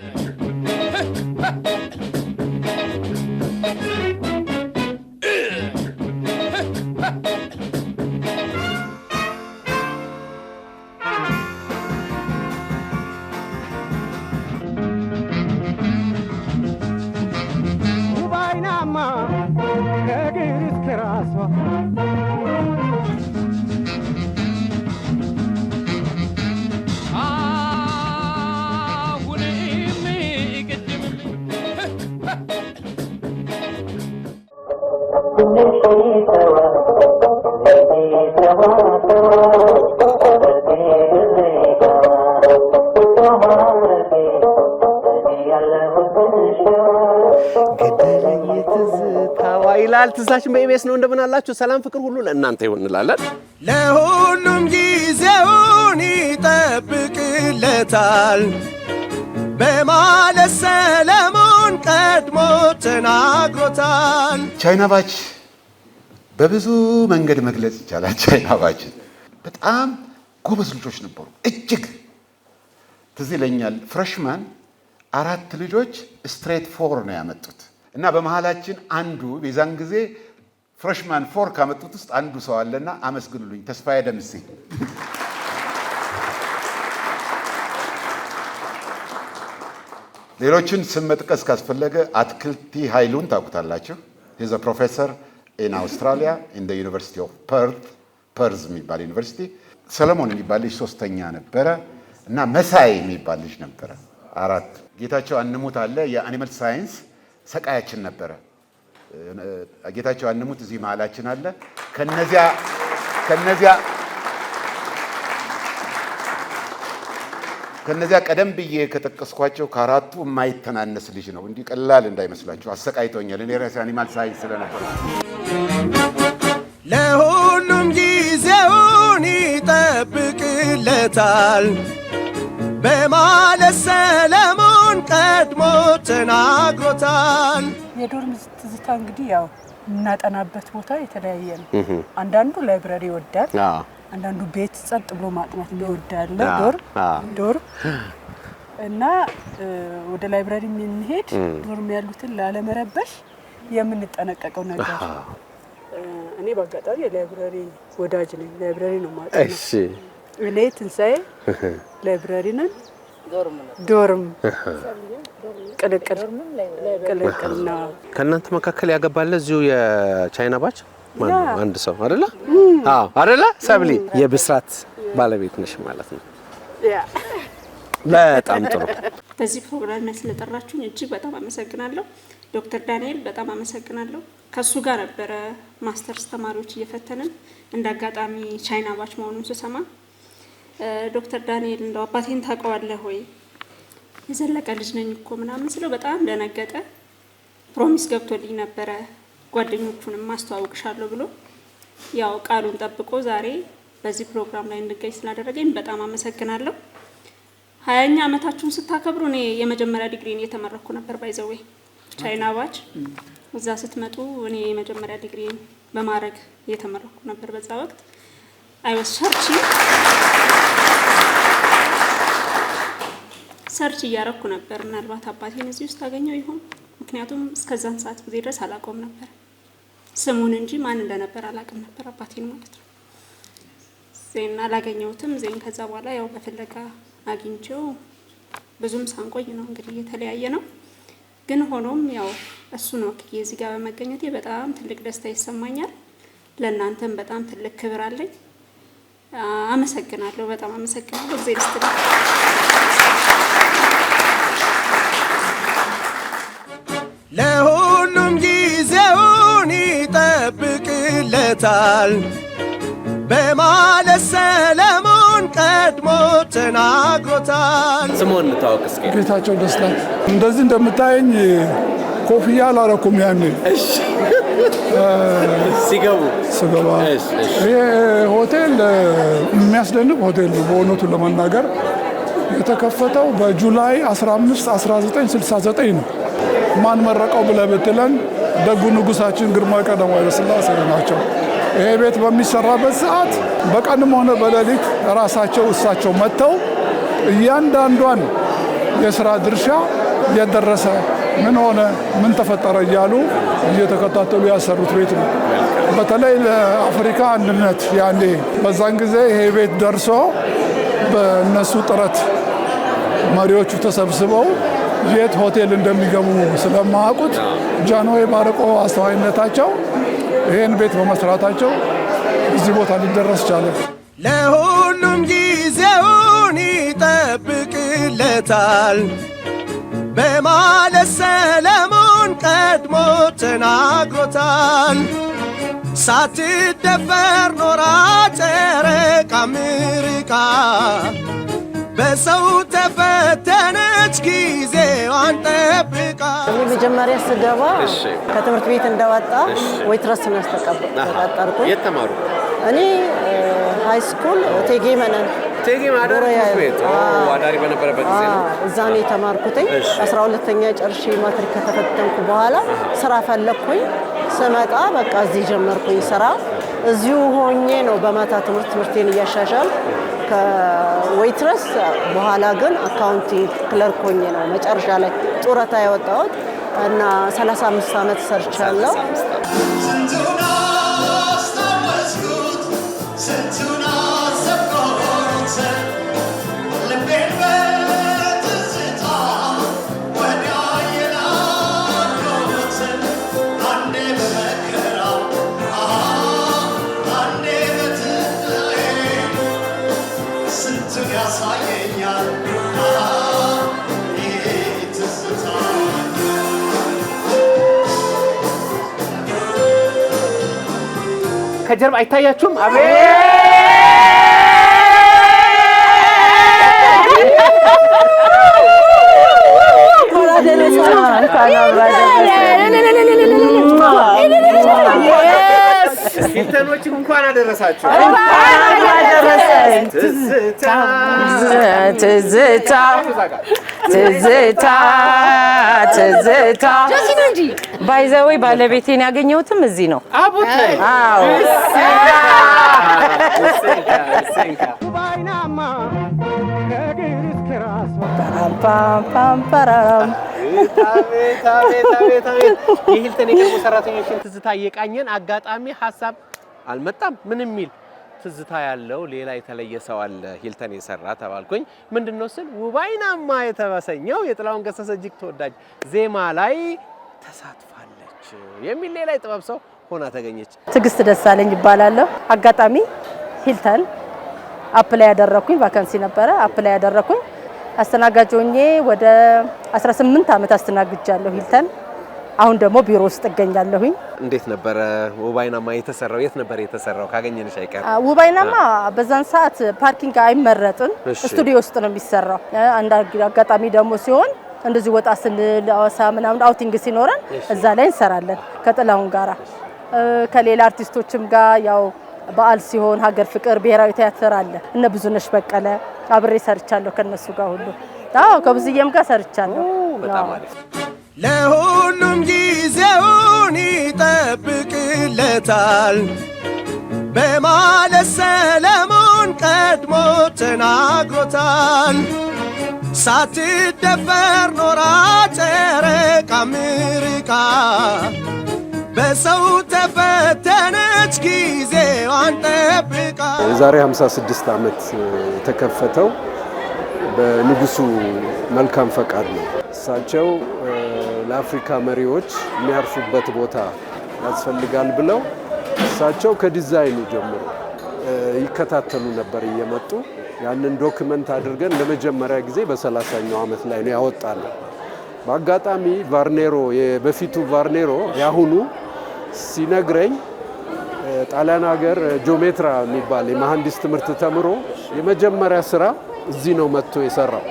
Yeah. ገደለኝ ትዝታዋ ይላል። ትዝታችን በኢቢኤስ ነው። እንደምን አላችሁ? ሰላም ፍቅር ሁሉ ለእናንተ ይሆን እንላለን። ለሁሉም ጊዜውን ይጠብቅለታል በማለት ሰለሞን ቀድሞ ተናግሮታል። በብዙ መንገድ መግለጽ ይቻላል። ቻይና በጣም ጎበዝ ልጆች ነበሩ። እጅግ ትዝ ይለኛል ፍረሽማን አራት ልጆች ስትሬት ፎር ነው ያመጡት እና በመሀላችን አንዱ በዛን ጊዜ ፍሬሽማን ፎር ካመጡት ውስጥ አንዱ ሰው አለና አመስግኑልኝ፣ ተስፋዬ ደምሴ። ሌሎችን ስም መጥቀስ ካስፈለገ አትክልቲ ኃይሉን ታውቁታላችሁ። ሂዝ ፕሮፌሰር ኢን አውስትራሊያ ኢን ዩኒቨርሲቲ ኦፍ ፐርት ፐርዝ የሚባል ዩኒቨርሲቲ። ሰለሞን የሚባል ልጅ ሶስተኛ ነበረ እና መሳይ የሚባል ልጅ ነበረ አራት ጌታቸው አንሙት አለ። የአኒመል ሳይንስ ሰቃያችን ነበረ። ጌታቸው አንሙት እዚህ መሀላችን አለ። ከነዚያ ከነዚያ ከነዚያ ቀደም ብዬ ከጠቀስኳቸው ከአራቱ የማይተናነስ ልጅ ነው። እንዲህ ቀላል እንዳይመስላችሁ፣ አሰቃይቶኛል። እኔ ራሴ አኒማል ሳይንስ ስለነበር ለሁሉም ጊዜውን ይጠብቅለታል። በማለት ሰለሞን ቀድሞ ተናግሮታል። የዶርም ትዝታ እንግዲህ ያው የምናጠናበት ቦታ የተለያየ ነው። አንዳንዱ ላይብረሪ ይወዳል፣ አንዳንዱ ቤት ጸጥ ብሎ ማጥናት ይወዳል። ዶርም ዶርም እና ወደ ላይብረሪ የምንሄድ ዶርም ያሉትን ላለመረበሽ የምንጠነቀቀው ነገር እኔ በአጋጣሚ የላይብረሪ ወዳጅ ነኝ። ላይብረሪ ነው ማለት እኔ ትንሣኤ ላይብራሪ ነን። ዶርም ቅልቅል ቅልቅል ነው። ከእናንተ መካከል ያገባለ እዚሁ የቻይና ባች አንድ ሰው አደለ? አደለ? ሰብሊ የብስራት ባለቤት ነሽ ማለት ነው። በጣም ጥሩ። በዚህ ፕሮግራም ላይ ስለጠራችሁኝ እጅግ በጣም አመሰግናለሁ። ዶክተር ዳንኤል በጣም አመሰግናለሁ። ከእሱ ጋር ነበረ ማስተርስ ተማሪዎች እየፈተንን እንደ አጋጣሚ ቻይና ባች መሆኑን ስሰማ ዶክተር ዳንኤል እንደው አባቴን ታውቀዋለህ ወይ? የዘለቀ ልጅ ነኝ እኮ ምናምን ስለው በጣም ደነገጠ። ፕሮሚስ ገብቶልኝ ነበረ ጓደኞቹንም ማስተዋወቅሻለሁ ብሎ ያው ቃሉን ጠብቆ ዛሬ በዚህ ፕሮግራም ላይ እንድገኝ ስላደረገኝ በጣም አመሰግናለሁ። ሀያኛ ዓመታችሁን ስታከብሩ እኔ የመጀመሪያ ዲግሪን እየተመረኩ ነበር። ባይዘዌ ቻይና ባች እዛ ስትመጡ እኔ የመጀመሪያ ዲግሪን በማድረግ እየተመረኩ ነበር በዛ ወቅት I was searching ሰርች እያረኩ ነበር። ምናልባት አባቴን እዚህ ውስጥ አገኘው ይሆን? ምክንያቱም እስከዛን ሰዓት ጊዜ ድረስ አላውቀውም ነበር፣ ስሙን እንጂ ማን እንደነበር አላውቅም ነበር፣ አባቴን ማለት ነው። ዜና አላገኘሁትም። ዜን ከዛ በኋላ ያው በፍለጋ አግኝቼው ብዙም ሳንቆይ ነው እንግዲህ የተለያየ ነው። ግን ሆኖም ያው እሱን ወክዬ እዚህ ጋር በመገኘቴ በጣም ትልቅ ደስታ ይሰማኛል። ለእናንተም በጣም ትልቅ ክብር አለኝ። አመሰግናለሁ። በጣም አመሰግናለሁ። እግዚአብሔር ይስጥልኝ። ለሁሉም ጊዜውን ይጠብቅለታል በማለት ሰለሞን ቀድሞ ተናግሮታል። ስሞን እንታወቅ እስኪ። ጌታቸው ደስታ እንደዚህ እንደምታየኝ ኮፍያ አላረኩም ያኔ ሲገቡ ስገባ ይህ ሆቴል የሚያስደንቅ ሆቴል ነው። ለመናገር የተከፈተው በጁላይ 15 1969 ነው። ማን መረቀው ብለህ ብትለን ደጉ ንጉሳችን ግርማዊ ቀዳማዊ ኃይለ ሥላሴ ናቸው። ይሄ ቤት በሚሰራበት ሰዓት በቀንም ሆነ በሌሊት ራሳቸው እሳቸው መጥተው እያንዳንዷን የስራ ድርሻ የደረሰ ምን ሆነ፣ ምን ተፈጠረ እያሉ እየተከታተሉ ያሰሩት ቤት ነው። በተለይ ለአፍሪካ አንድነት ያኔ በዛን ጊዜ ይሄ ቤት ደርሶ በእነሱ ጥረት መሪዎቹ ተሰብስበው የት ሆቴል እንደሚገቡ ስለማያውቁት ጃንሆይ ባረቆ አስተዋይነታቸው ይህን ቤት በመስራታቸው እዚህ ቦታ ሊደረስ ቻለ። ለሁሉም ጊዜውን ይጠብቅለታል በማ ተናግሮታል። ሳትደፈር ኖራ ጨረቃ አሜሪካ በሰው ተፈተነች ጊዜዋን ጠብቃ። እኔ መጀመሪያ ስገባ ከትምህርት ቤት እንደወጣ ዌይትረስ ነው ያስተቀጠርኩ። የት ተማሩ? እኔ ሃይ ስኩል እቴጌ መነን አዳሪ በነበረበት ጊዜ ነው እዛ ነው የተማርኩትኝ። አስራ ሁለተኛ ጨርሼ ማትሪክ ከተፈተንኩ በኋላ ስራ ፈለግኩኝ። ስመጣ በቃ እዚህ ጀመርኩኝ ስራ። እዚሁ ሆኜ ነው በማታ ትምህርት ትምህርቴን እያሻሻል ከዌይትረስ በኋላ ግን አካውንቲ ክለርክ ሆኜ ነው መጨረሻ ላይ ጡረታ የወጣሁት እና 35 ዓመት ሰርቻለሁ። ከጀርባ አይታያችሁም? ፊተኖች እንኳን አደረሳችሁ። ትዝታ ትዝታ ትዝታ ባይዘወይ ባለቤቴን ያገኘሁትም እዚህ ነው። የሂልተን ሰራተኞችን ትዝታ እየቃኘን አጋጣሚ ሀሳብ አልመጣም ምን የሚል ትዝታ ያለው ሌላ የተለየ ሰው አለ ሂልተን የሰራ ተባልኩኝ። ምንድነው ስል ውባይናማ የተሰኘው የጥላሁን ገሰሰ እጅግ ተወዳጅ ዜማ ላይ ተሳትፋለች የሚል ሌላ የጥበብ ሰው ሆና ተገኘች። ደስ ደሳለኝ ይባላለሁ። አጋጣሚ ሂልተን አፕላይ ያደረኩኝ ቫካንሲ ነበረ። አፕ ላይ ያደረኩኝ አስተናጋጅ ሆኜ ወደ 18 ዓመት አስተናግጃለሁ ሂልተን አሁን ደግሞ ቢሮ ውስጥ እገኛለሁኝ። እንዴት ነበረ ውባይናማ የተሰራው? የት ነበር የተሰራው? ካገኘንሽ አይቀር ውባይናማ በዛን ሰዓት ፓርኪንግ አይመረጥም፣ ስቱዲዮ ውስጥ ነው የሚሰራው። አንድ አጋጣሚ ደግሞ ሲሆን እንደዚህ ወጣ ስንል አዋሳ ምናምን አውቲንግ ሲኖረን እዛ ላይ እንሰራለን ከጥላሁን ጋራ ከሌላ አርቲስቶችም ጋር ያው በዓል ሲሆን ሀገር ፍቅር ብሔራዊ ቲያትር አለ። እነ ብዙነሽ በቀለ አብሬ ሰርቻለሁ ከነሱ ጋር ሁሉ። አዎ ከብዙዬም ጋር ሰርቻለሁ። ለሁሉም ጊዜውን ይጠብቅለታል በማለት ሰለሞን ቀድሞ ተናግሮታል። ሳትደፈር ኖራ ጨረቃ ምርቃ በሰው ተፈተነች ጊዜዋን ጠብቃ። የዛሬ 56 ዓመት የተከፈተው በንጉሱ መልካም ፈቃድ ነው። እሳቸው ለአፍሪካ መሪዎች የሚያርፉበት ቦታ ያስፈልጋል ብለው እሳቸው ከዲዛይኑ ጀምሮ ይከታተሉ ነበር እየመጡ ያንን ዶክመንት አድርገን ለመጀመሪያ ጊዜ በሰላሳኛው ዓመት ላይ ነው ያወጣነው። በአጋጣሚ ቫርኔሮ በፊቱ ቫርኔሮ የአሁኑ ሲነግረኝ ጣሊያን ሀገር ጂኦሜትራ የሚባል የመሐንዲስ ትምህርት ተምሮ የመጀመሪያ ስራ እዚህ ነው መጥቶ የሰራው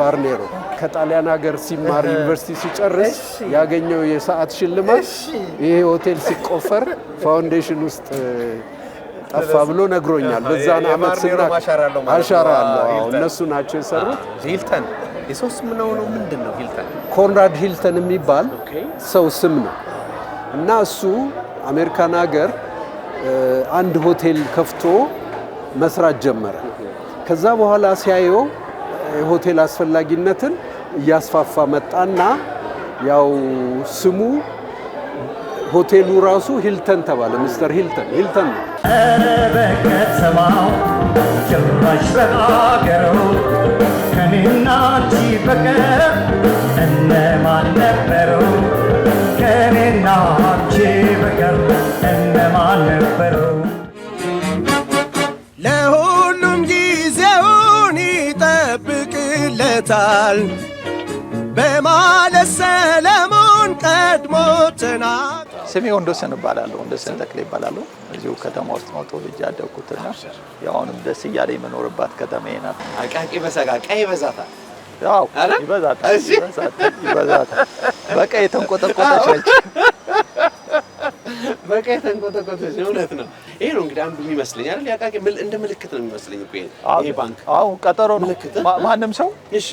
ቫርኔሮ ከጣሊያን ሀገር ሲማር ዩኒቨርሲቲ ሲጨርስ ያገኘው የሰዓት ሽልማት ይሄ ሆቴል ሲቆፈር ፋውንዴሽን ውስጥ ጠፋ ብሎ ነግሮኛል። በዛን አመት ስና አሻራ አለው እነሱ ናቸው የሰሩት። ሂልተን ስም ነው ነው ምንድን ነው ሂልተን? ኮንራድ ሂልተን የሚባል ሰው ስም ነው እና እሱ አሜሪካን ሀገር አንድ ሆቴል ከፍቶ መስራት ጀመረ። ከዛ በኋላ ሲያየው የሆቴል አስፈላጊነትን እያስፋፋ መጣና ያው ስሙ ሆቴሉ ራሱ ሂልተን ተባለ። ሚስተር ሂልተን ሂልተን ነው። ጭራሽ በአገሩ ከኔና በቀር ይላል በማለት ሰለሞን ቀድሞ ትና ስሜ ወንዶሰን እባላለሁ። ወንዶሰን ተክሌ ይባላሉ። እዚሁ ከተማ ውስጥ ነው ተወልጄ ያደግኩትና አሁንም ደስ እያለ የምኖርባት ከተማ ናት። አቃቂ በሰጋ ቀይ ይበዛታል። ያው ይበዛታል፣ ይበዛታል። በቃ የተንቆጠቆጠች ነች። በቃ የተንቆጠቆጠች እውነት ነው። ይሄ ነው እንግዲህ አንዱ የሚመስለኝ አይደል ያቃቂ እንደ ምልክት ነው የሚመስለኝ እኮ ይሄ ባንክ አሁን ቀጠሮ ነው ማንም ሰው እሺ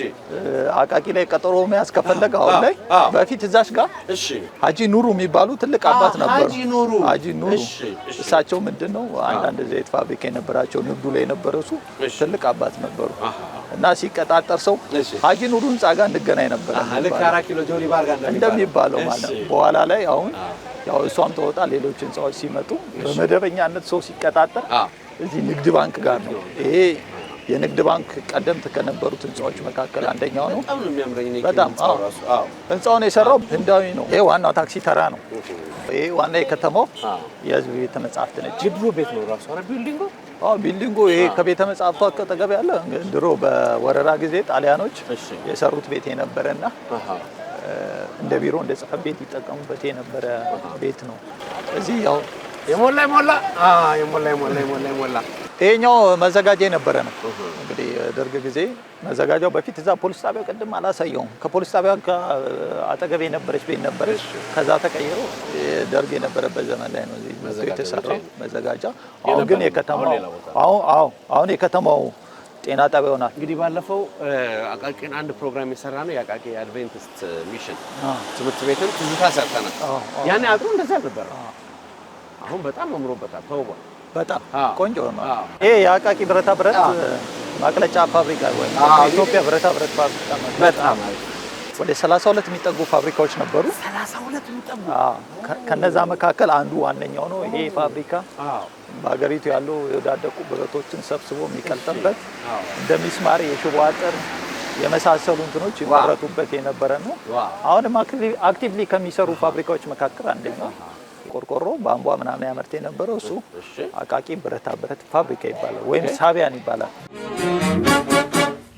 አቃቂ ላይ ቀጠሮ መያዝ ከፈለገ አሁን ላይ በፊት እዛች ጋር እሺ ሀጂ ኑሩ የሚባሉ ትልቅ አባት ነበሩ ሀጂ ኑሩ ሀጂ ኑሩ እሳቸው ምንድን ነው አንዳንድ ዘይት ፋብሪካ የነበራቸው ንግዱ ላይ የነበረ እሱ ትልቅ አባት ነበሩ እና ሲቀጣጠር ሰው ሀጂ ኑሩ ህንጻ ጋር እንገናኝ ነበር እንደሚባለው ማለት በኋላ ላይ አሁን ያው እሷም ተወጣ ሌሎች ህንፃዎች ሲመጡ በመደበኛነት ሰው ሲቀጣጠር እዚህ ንግድ ባንክ ጋር ነው። ይሄ የንግድ ባንክ ቀደምት ከነበሩት ህንፃዎች መካከል አንደኛው ነው። በጣም ህንፃውን የሰራው ህንዳዊ ነው። ይሄ ዋናው ታክሲ ተራ ነው። ይሄ ዋና የከተማው የህዝብ ቤተ መጻሕፍት ነች። ድሮ ቤት ነው ራሱ ቢልዲንጉ። ቢልዲንጉ ይሄ ከቤተ መጻሕፍቱ አጠገብ ያለ ድሮ በወረራ ጊዜ ጣሊያኖች የሰሩት ቤት የነበረና እንደ ቢሮ እንደ ጽሕፈት ቤት ይጠቀሙበት የነበረ ቤት ነው። እዚህ ያው የሞላ የሞላ የሞላ የሞላ የሞላ የሞላ ይሄኛው መዘጋጃ የነበረ ነው። እንግዲህ ደርግ ጊዜ መዘጋጃው በፊት እዛ ፖሊስ ጣቢያ ቅድም አላሳየውም። ከፖሊስ ጣቢያ አጠገብ የነበረች ቤት ነበረች። ከዛ ተቀይሮ ደርግ የነበረበት ዘመን ላይ ነው የተሰራው መዘጋጃ። አሁን ግን የከተማው አሁን አሁን የከተማው ጤና ጣቢያ ይሆናል። እንግዲህ ባለፈው አቃቂን አንድ ፕሮግራም የሰራ ነው የአቃቂ አድቬንቲስት ሚሽን ትምህርት ቤትን ትዝታ ሰርተናል። ያኔ አቅሩ እንደዚህ አልነበረ። አሁን በጣም አምሮበታል፣ ተውቧል። በጣም ቆንጆ ነው። ይሄ የአቃቂ ብረታ ብረት ማቅለጫ ፋብሪካ ወይ ኢትዮጵያ ብረታ ብረት ፋብሪካ በጣም ወደ 32 የሚጠጉ ፋብሪካዎች ነበሩ። 32 የሚጠጉ ከነዛ መካከል አንዱ ዋነኛው ነው ይሄ ፋብሪካ። በሀገሪቱ ያሉ የወዳደቁ ብረቶችን ሰብስቦ የሚቀልጥበት እንደ ሚስማር፣ የሽቦ አጥር የመሳሰሉ እንትኖች ይመረቱበት የነበረ ነው። አሁንም አክቲቭሊ ከሚሰሩ ፋብሪካዎች መካከል አንደኛው ቆርቆሮ በአምቧ ምናምን ያመርት የነበረው እሱ አቃቂ ብረታ ብረት ፋብሪካ ይባላል፣ ወይም ሳቢያን ይባላል።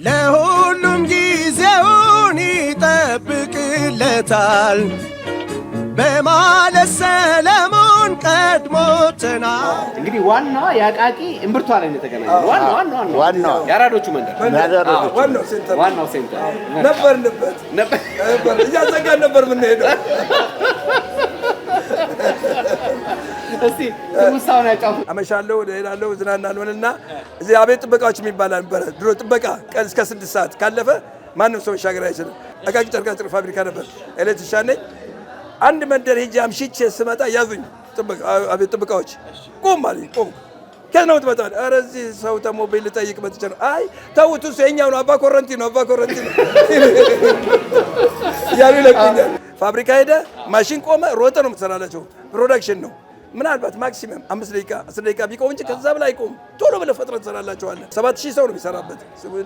ለሁሉም ጊዜውን ይጠብቅለታል በማለት ሰለማ ኑሮን ቀድሞትናል። እንግዲህ ዋና የአቃቂ እምብርቷ ላይ የተገናኘ ዋና የአራዶቹ መንደር ዋናው ሴንተር ነበርንበት እያዘጋን ነበር የምንሄደው። እስቲ ትውስታውን ያጫው አመሻለሁ እሄዳለሁ እዝናናለሁ እና እዚህ አቤት ጥበቃዎች የሚባል ነበረ ድሮ ጥበቃ ቀን እስከ ስድስት ሰዓት ካለፈ ማንም ሰው መሻገር አይችልም። አቃቂ ጨርቃ ጨርቅ ፋብሪካ ነበር ኤሌትሪሻን ነኝ። አንድ መንደር ሄጄ አምሽቼ ስመጣ ያዙኝ። አቤት ጥበቃዎች ቁም አለኝ። ቁም ከየት ነው የምትመጣው? ኧረ እዚህ ሰው ተሞብኝ ልጠይቅ መጥቼ ነው። አይ ተውት፣ እሱ የእኛው ነው፣ አባ ኮረንቲ ነው፣ አባ ኮረንቲ ነው እያሉ ይለቁኛል። ፋብሪካ ሄደ፣ ማሽን ቆመ፣ ሮጠ ነው የምትሰራላቸው። ፕሮዳክሽን ነው ምናልባት ማክሲመም አምስት ደቂቃ አስር ደቂቃ ቢቆም እንጂ ከዛ በላይ አይቆም። ቶሎ ብለህ ፈጥረህ ትሰራላቸዋለህ። ሰባት ሺህ ሰው ነው የሚሰራበት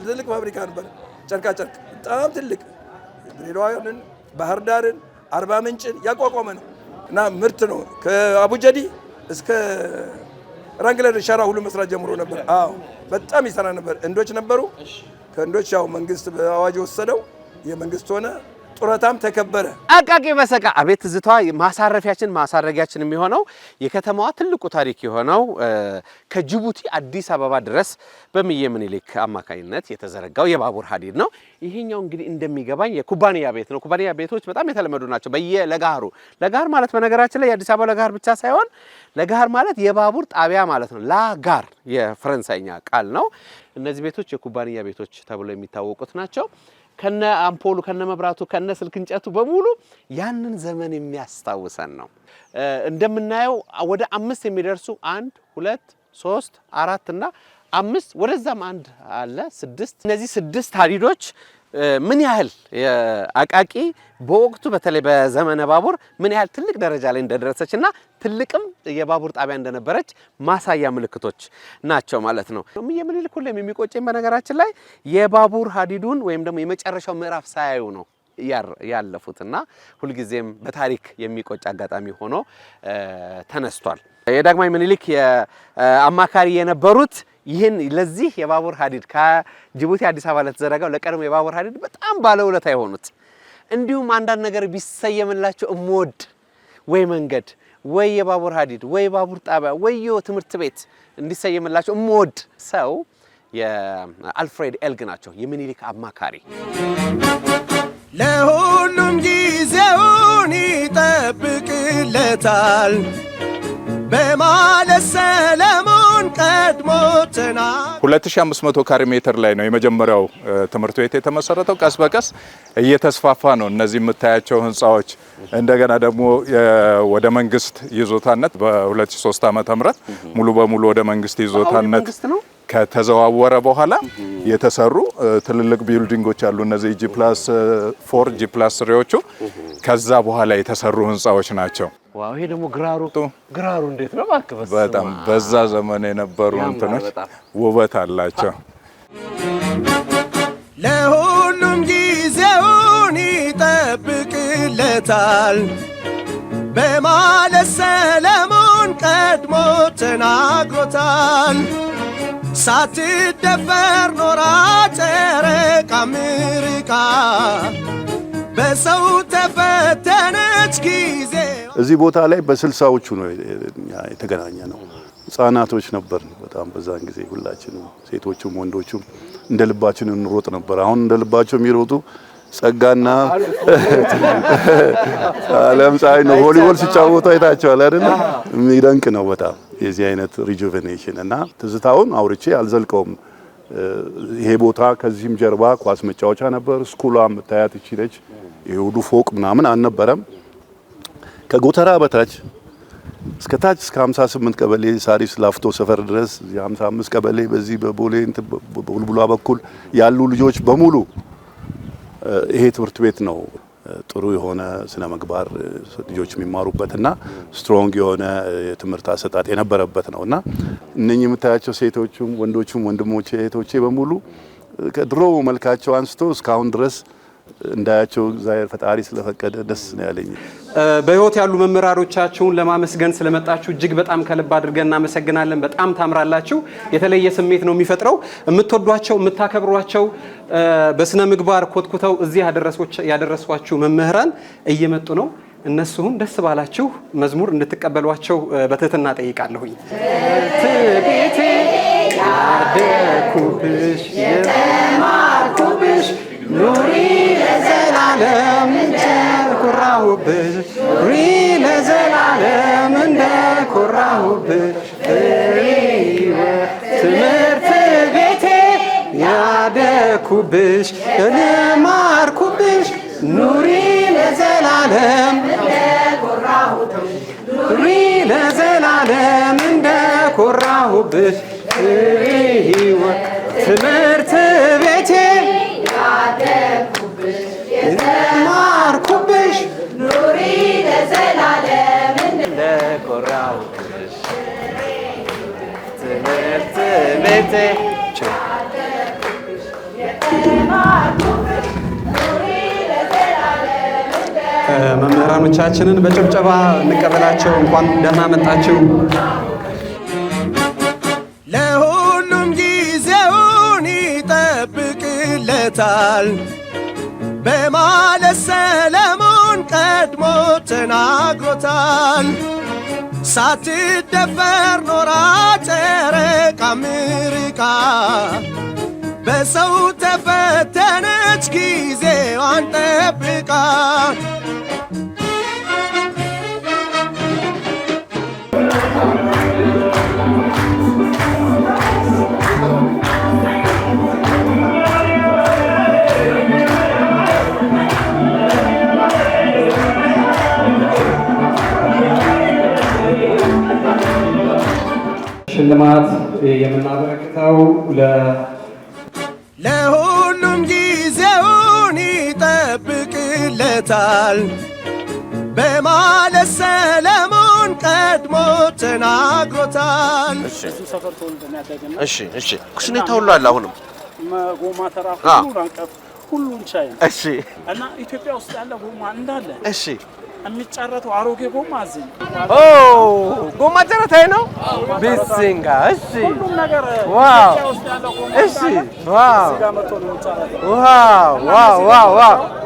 ትልቅ ፋብሪካ ነበር። ጨርቃ ጨርቅ በጣም ትልቅ ድሬዳዋንን፣ ባህር ዳርን፣ አርባ ምንጭን ያቋቋመ ነው። እና ምርት ነው። ከአቡጀዲ እስከ ራንግለር ሸራ ሁሉ መስራት ጀምሮ ነበር። አዎ በጣም ይሰራ ነበር። እንዶች ነበሩ። ከእንዶች ያው መንግስት በአዋጅ ወሰደው የመንግስት ሆነ። ጡረታም ተከበረ። አቃቂ በሰቃ አቤት ዝቷ ማሳረፊያችን ማሳረጊያችን የሚሆነው የከተማዋ ትልቁ ታሪክ የሆነው ከጅቡቲ አዲስ አበባ ድረስ በሚዬ ምኒልክ አማካኝነት የተዘረጋው የባቡር ሀዲድ ነው። ይሄኛው እንግዲህ እንደሚገባኝ የኩባንያ ቤት ነው። ኩባንያ ቤቶች በጣም የተለመዱ ናቸው። በየለጋሩ ለጋር ማለት በነገራችን ላይ የአዲስ አበባ ለጋር ብቻ ሳይሆን ለጋር ማለት የባቡር ጣቢያ ማለት ነው። ላጋር የፈረንሳይኛ ቃል ነው። እነዚህ ቤቶች የኩባንያ ቤቶች ተብሎ የሚታወቁት ናቸው። ከነ አምፖሉ ከነ መብራቱ ከነ ስልክ እንጨቱ በሙሉ ያንን ዘመን የሚያስታውሰን ነው። እንደምናየው ወደ አምስት የሚደርሱ አንድ ሁለት ሶስት አራት እና አምስት ወደዛም አንድ አለ ስድስት እነዚህ ስድስት ሀዲዶች ምን ያህል አቃቂ በወቅቱ በተለይ በዘመነ ባቡር ምን ያህል ትልቅ ደረጃ ላይ እንደደረሰች እና ትልቅም የባቡር ጣቢያ እንደነበረች ማሳያ ምልክቶች ናቸው ማለት ነው። የምኒልክ ሁሌም የሚቆጨኝ በነገራችን ላይ የባቡር ሀዲዱን ወይም ደግሞ የመጨረሻው ምዕራፍ ሳያዩ ነው ያለፉት እና ሁልጊዜም በታሪክ የሚቆጭ አጋጣሚ ሆኖ ተነስቷል። የዳግማዊ ምኒልክ አማካሪ የነበሩት ይህን ለዚህ የባቡር ሀዲድ ከጅቡቲ አዲስ አበባ ለተዘረጋው ለቀድሞ የባቡር ሀዲድ በጣም ባለውለታ የሆኑት እንዲሁም አንዳንድ ነገር ቢሰየምላቸው እምወድ ወይ መንገድ ወይ የባቡር ሀዲድ ወይ ባቡር ጣቢያ ወይ ትምህርት ቤት እንዲሰየምላቸው እምወድ ሰው የአልፍሬድ ኤልግ ናቸው፣ የሚኒሊክ አማካሪ። ለሁሉም ጊዜውን ይጠብቅለታል በማለት ቀድሞ ትና 2500 ካሬ ሜትር ላይ ነው የመጀመሪያው ትምህርት ቤት የተመሰረተው። ቀስ በቀስ እየተስፋፋ ነው። እነዚህ የምታያቸው ህንፃዎች እንደገና ደግሞ ወደ መንግስት ይዞታነት በ2003 ዓመተ ምህረት ሙሉ በሙሉ ወደ መንግስት ይዞታነት ከተዘዋወረ በኋላ የተሰሩ ትልልቅ ቢልዲንጎች አሉ። እነዚህ ጂ ፕላስ ፎር ጂ ፕላስ ስሪዎቹ ከዛ በኋላ የተሰሩ ህንፃዎች ናቸው። ዋው! ይሄ ደግሞ ግራሩ ግራሩ እንዴት ነው ማከበስ! በጣም በዛ ዘመን የነበሩ እንትኖች ውበት አላቸው። ለሁሉም ጊዜውን ይጠብቅለታል በማለት ሰለሞን ቀድሞ ተናግሮታል። ሳትደፈር ኖራ ጨረቃ ምርቃ በሰው ተፈተነች ጊዜ እዚህ ቦታ ላይ በስልሳዎቹ ነው የተገናኘ ነው። ህጻናቶች ነበር በጣም በዛን ጊዜ ሁላችንም፣ ሴቶቹም ወንዶቹም እንደ ልባችን እንሮጥ ነበር። አሁን እንደ ልባቸው የሚሮጡ ጸጋና አለም ፀሐይ ነው። ቮሊቦል ሲጫወቱ አይታቸዋል አይደል? የሚደንቅ ነው በጣም የዚህ አይነት ሪጁቬኔሽን እና ትዝታውን አውርቼ አልዘልቀውም። ይሄ ቦታ ከዚህም ጀርባ ኳስ መጫወቻ ነበር። ስኩሏ የምታያት ይችለች የሁሉ ፎቅ ምናምን አልነበረም። ከጎተራ በታች እስከ ታች እስከ 58 ቀበሌ ሳሪስ ላፍቶ ሰፈር ድረስ የ55 ቀበሌ በዚህ በቦሌ በቡልቡላ በኩል ያሉ ልጆች በሙሉ ይሄ ትምህርት ቤት ነው። ጥሩ የሆነ ስነ ምግባር ልጆች የሚማሩበትና ስትሮንግ የሆነ የትምህርት አሰጣጥ የነበረበት ነው እና እነኚህ የምታያቸው ሴቶቹም ወንዶቹም ወንድሞቼ እህቶቼ በሙሉ ከድሮ መልካቸው አንስቶ እስካሁን ድረስ እንዳያቸው እግዚአብሔር ፈጣሪ ስለፈቀደ ደስ ነው ያለኝ። በህይወት ያሉ መምህራሮቻችሁን ለማመስገን ስለመጣችሁ እጅግ በጣም ከልብ አድርገን እናመሰግናለን። በጣም ታምራላችሁ። የተለየ ስሜት ነው የሚፈጥረው። የምትወዷቸው የምታከብሯቸው፣ በስነ ምግባር ኮትኩተው እዚህ ያደረሷችሁ መምህራን እየመጡ ነው። እነሱም ደስ ባላችሁ መዝሙር እንድትቀበሏቸው በትህትና ጠይቃለሁኝ። እኔ ማርኩብሽ ኑሪ ለዘላለም ኑሪ ለዘላለም እንደ ኮራሁብሽ ህይወት ትምህርት ቤቴ ማርኩብሽ ኑሪ ለዘላለም እንደ ኮራሁብሽ ትምህርት ቤቴ መምህራኖቻችንን በጭብጨባ እንቀበላቸው። እንኳን ደህና መጣችሁ። ለሁሉም ጊዜውን ይጠብቅለታል በማለት ሰለሞን ቀድሞ ተናግሮታል። ሳትደፈር ኖራ ጨረቃ ምርቃ بسوت فتنت كيزي وان طبقا الشلمات يمنا ذكرته ولا ብሎታል በማለት ሰለሞን ቀድሞ ተናግሮታል። እሺ እሺ፣ ኩሽኔታ ሁሉ አለ። አሁንም ጎማ ተራ ሁሉ አንቀፍ ሁሉን ቻይ ነው። እሺ እና ኢትዮጵያ ውስጥ ያለ ጎማ እንዳለ እሺ፣ የሚጫረተው አሮጌ ጎማ እዚህ ኦ ጎማ ጨረታዬ ነው ቢሲንጋ። እሺ ሁሉም ነገር ዋው! እሺ ዋው! ዋው! ዋው! ዋው!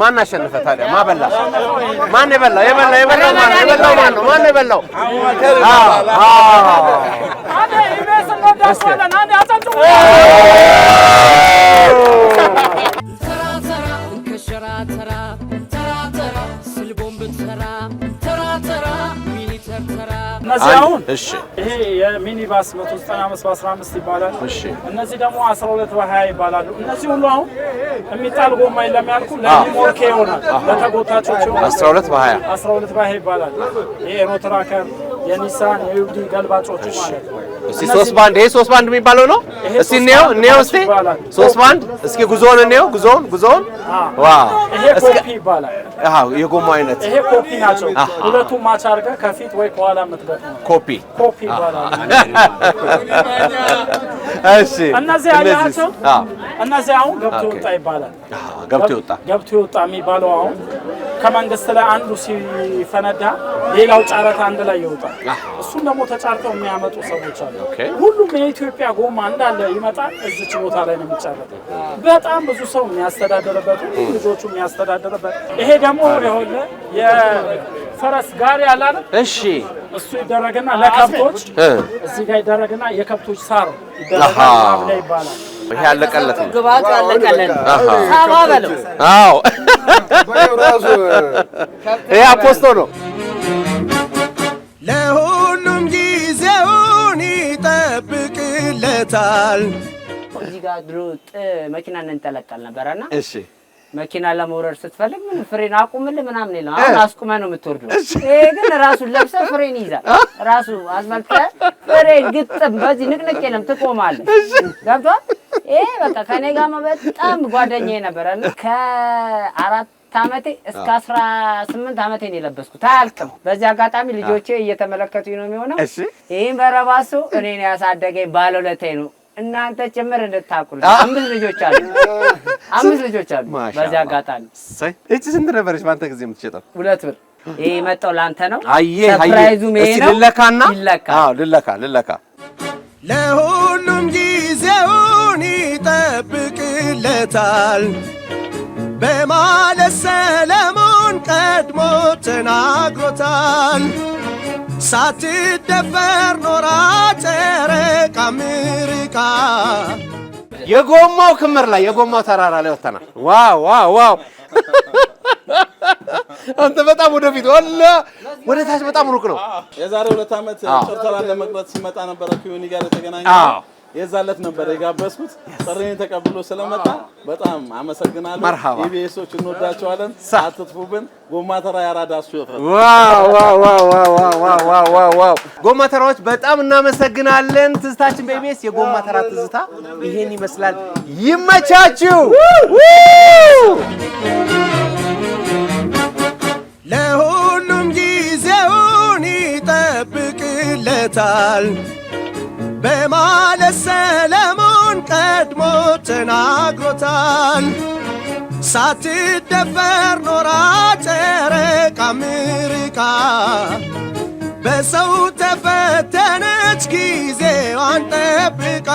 ማን አሸነፈ ታዲያ? ማን በላ? ማን የበላ? የበላ የበላ ማን የበላው? ማን ነው? ማን የበላው? አዎ እነዚህ አሁን ይሄ የሚኒባስ መቶ ዘጠና አምስት በአስራ አምስት እነዚህ ደግሞ አስራ ሁለት በሀያ ይባላሉ። እነዚህ ሁሉ አሁን የሚጣል ጎማ የለም ያልኩ ለሞርኬ ይሆናል ለተጎታቾች ይሆናል። አስራ ሁለት በሀያ አስራ ሁለት በሀያ ይባላል። ይሄ ሮትራከር የኒሳን የዩዲ ገልባጮቹ ማለት ነው። እስቲ ሶስት ባንድ ይሄ ሶስት ባንድ የሚባለው ነው። እስቲ እንየው እንየው እስቲ ሶስት ባንድ እስኪ ጉዞውን እንየው ጉዞውን ጉዞውን ዋ ይሄ ኮፒ ይባላል አዎ የጎማ አይነት ይሄ ኮፒ ናቸው። ሁለቱ ማች አድርገህ ከፊት ወይ ከኋላ የምትገጥመው ኮፒ ኮፒ ይባላል። እሺ እነዚህ አያቸው። እነዚህ አሁን ገብቶ ይወጣ ይባላል። ገብቶ ይወጣ ገብቶ ይወጣ የሚባለው አሁን ከመንግስት ላይ አንዱ ሲፈነዳ ሌላው ጨረታ አንድ ላይ ይወጣል። እሱን ደግሞ ተጫርተው የሚያመጡ ሰዎች አሉ። ሁሉም የኢትዮጵያ ጎማ እንዳለ ይመጣል። እዚች ቦታ ላይ ነው የሚጫረተው። በጣም ብዙ ሰው የሚያስተዳደርበት፣ ልጆቹ የሚያስተዳደርበት ይሄ ደግሞ የሆነ የፈረስ ጋሪ አለ እሺ፣ እሱ ይደረግና ለከብቶች እዚህ ጋር ይደረግና የከብቶች ሳር ይደረጋል ይባላል። ይሄ አለቀለት ነው ግባቱ፣ አለቀለት ሳባ በለው። አዎ፣ ይሄ አፖስቶ ነው። ለሁሉም ጊዜውን ይጠብቅለታል። እዚህ ጋር ድሮ መኪና ነበረና እሺ መኪና ለመውረድ ስትፈልግ ምን ፍሬን አቁምልህ ምናምን የለም። አሁን አስቁመህ ነው የምትወርዱ። ይሄ ግን ራሱን ለብሰህ ፍሬን ይይዛል። ራሱ አስመልክተህ ፍሬን ግጥም፣ በዚህ ንቅንቅ የለም ትቆማለህ። ገብቶሃል? ይሄ በቃ ከኔ ጋር በጣም ጓደኛዬ ነበረ። ከአራት ዓመቴ እስከ አስራ ስምንት ዓመቴ ነው የለበስኩት። አያልቅም። በዚህ አጋጣሚ ልጆቼ እየተመለከቱ ነው የሚሆነው። ይህም በረባሱ እኔን ያሳደገኝ ባለውለታዬ ነው። እናንተ ጭምር እንድታቁል አምስት ልጆች አሉ፣ አምስት ልጆች አሉ። በዚህ አጋጣሚ እቺ ስንት ነበረች በአንተ ጊዜ የምትሸጠው? ሁለት ብር። ይሄ መጣው ለአንተ ነው። አየ ሰርፕራይዙ ይሄ ነው። ልለካና ልለካ። አዎ ልለካ፣ ልለካ። ለሁሉም ጊዜውን ይጠብቅለታል በማለት ሰለሞን ቀድሞ ተናግሮታል። ሳትደፈር ኖራ ጨረቃ ምርቃ የጎማው ክምር ላይ የጎማው ተራራ ላይ ወተናል። ዋው ዋው ዋው! አንተ በጣም ወደፊት ወላ ወደ ታች በጣም ሩቅ ነው። የዛሬ ሁለት ዓመት ጨርተራ ለመቅረት ሲመጣ ነበረ ከዮኒ ጋር የተገናኘ የዛለት ነበር የጋበዝኩት። ጥሬን ተቀብሎ ስለመጣ በጣም አመሰግናለሁ። መርሃባ ኢቢኤሶች እንወዳቸዋለን። አትጥፉብን። ጎማ ተራ ያራዳ ይፈራል። ዋው ጎማ ተራዎች በጣም እናመሰግናለን። ትዝታችን በኢቢኤስ የጎማ ተራ ትዝታ ይሄን ይመስላል። ይመቻችሁ። ለሁሉም ጊዜውን ይጠብቅለታል። በማለት ሰለሞን ቀድሞ ተናግሮታል። ሳትደፈር ኖራ ጨረቃ ምርቃ በሰው ተፈተነች ጊዜዋን ጠብቃ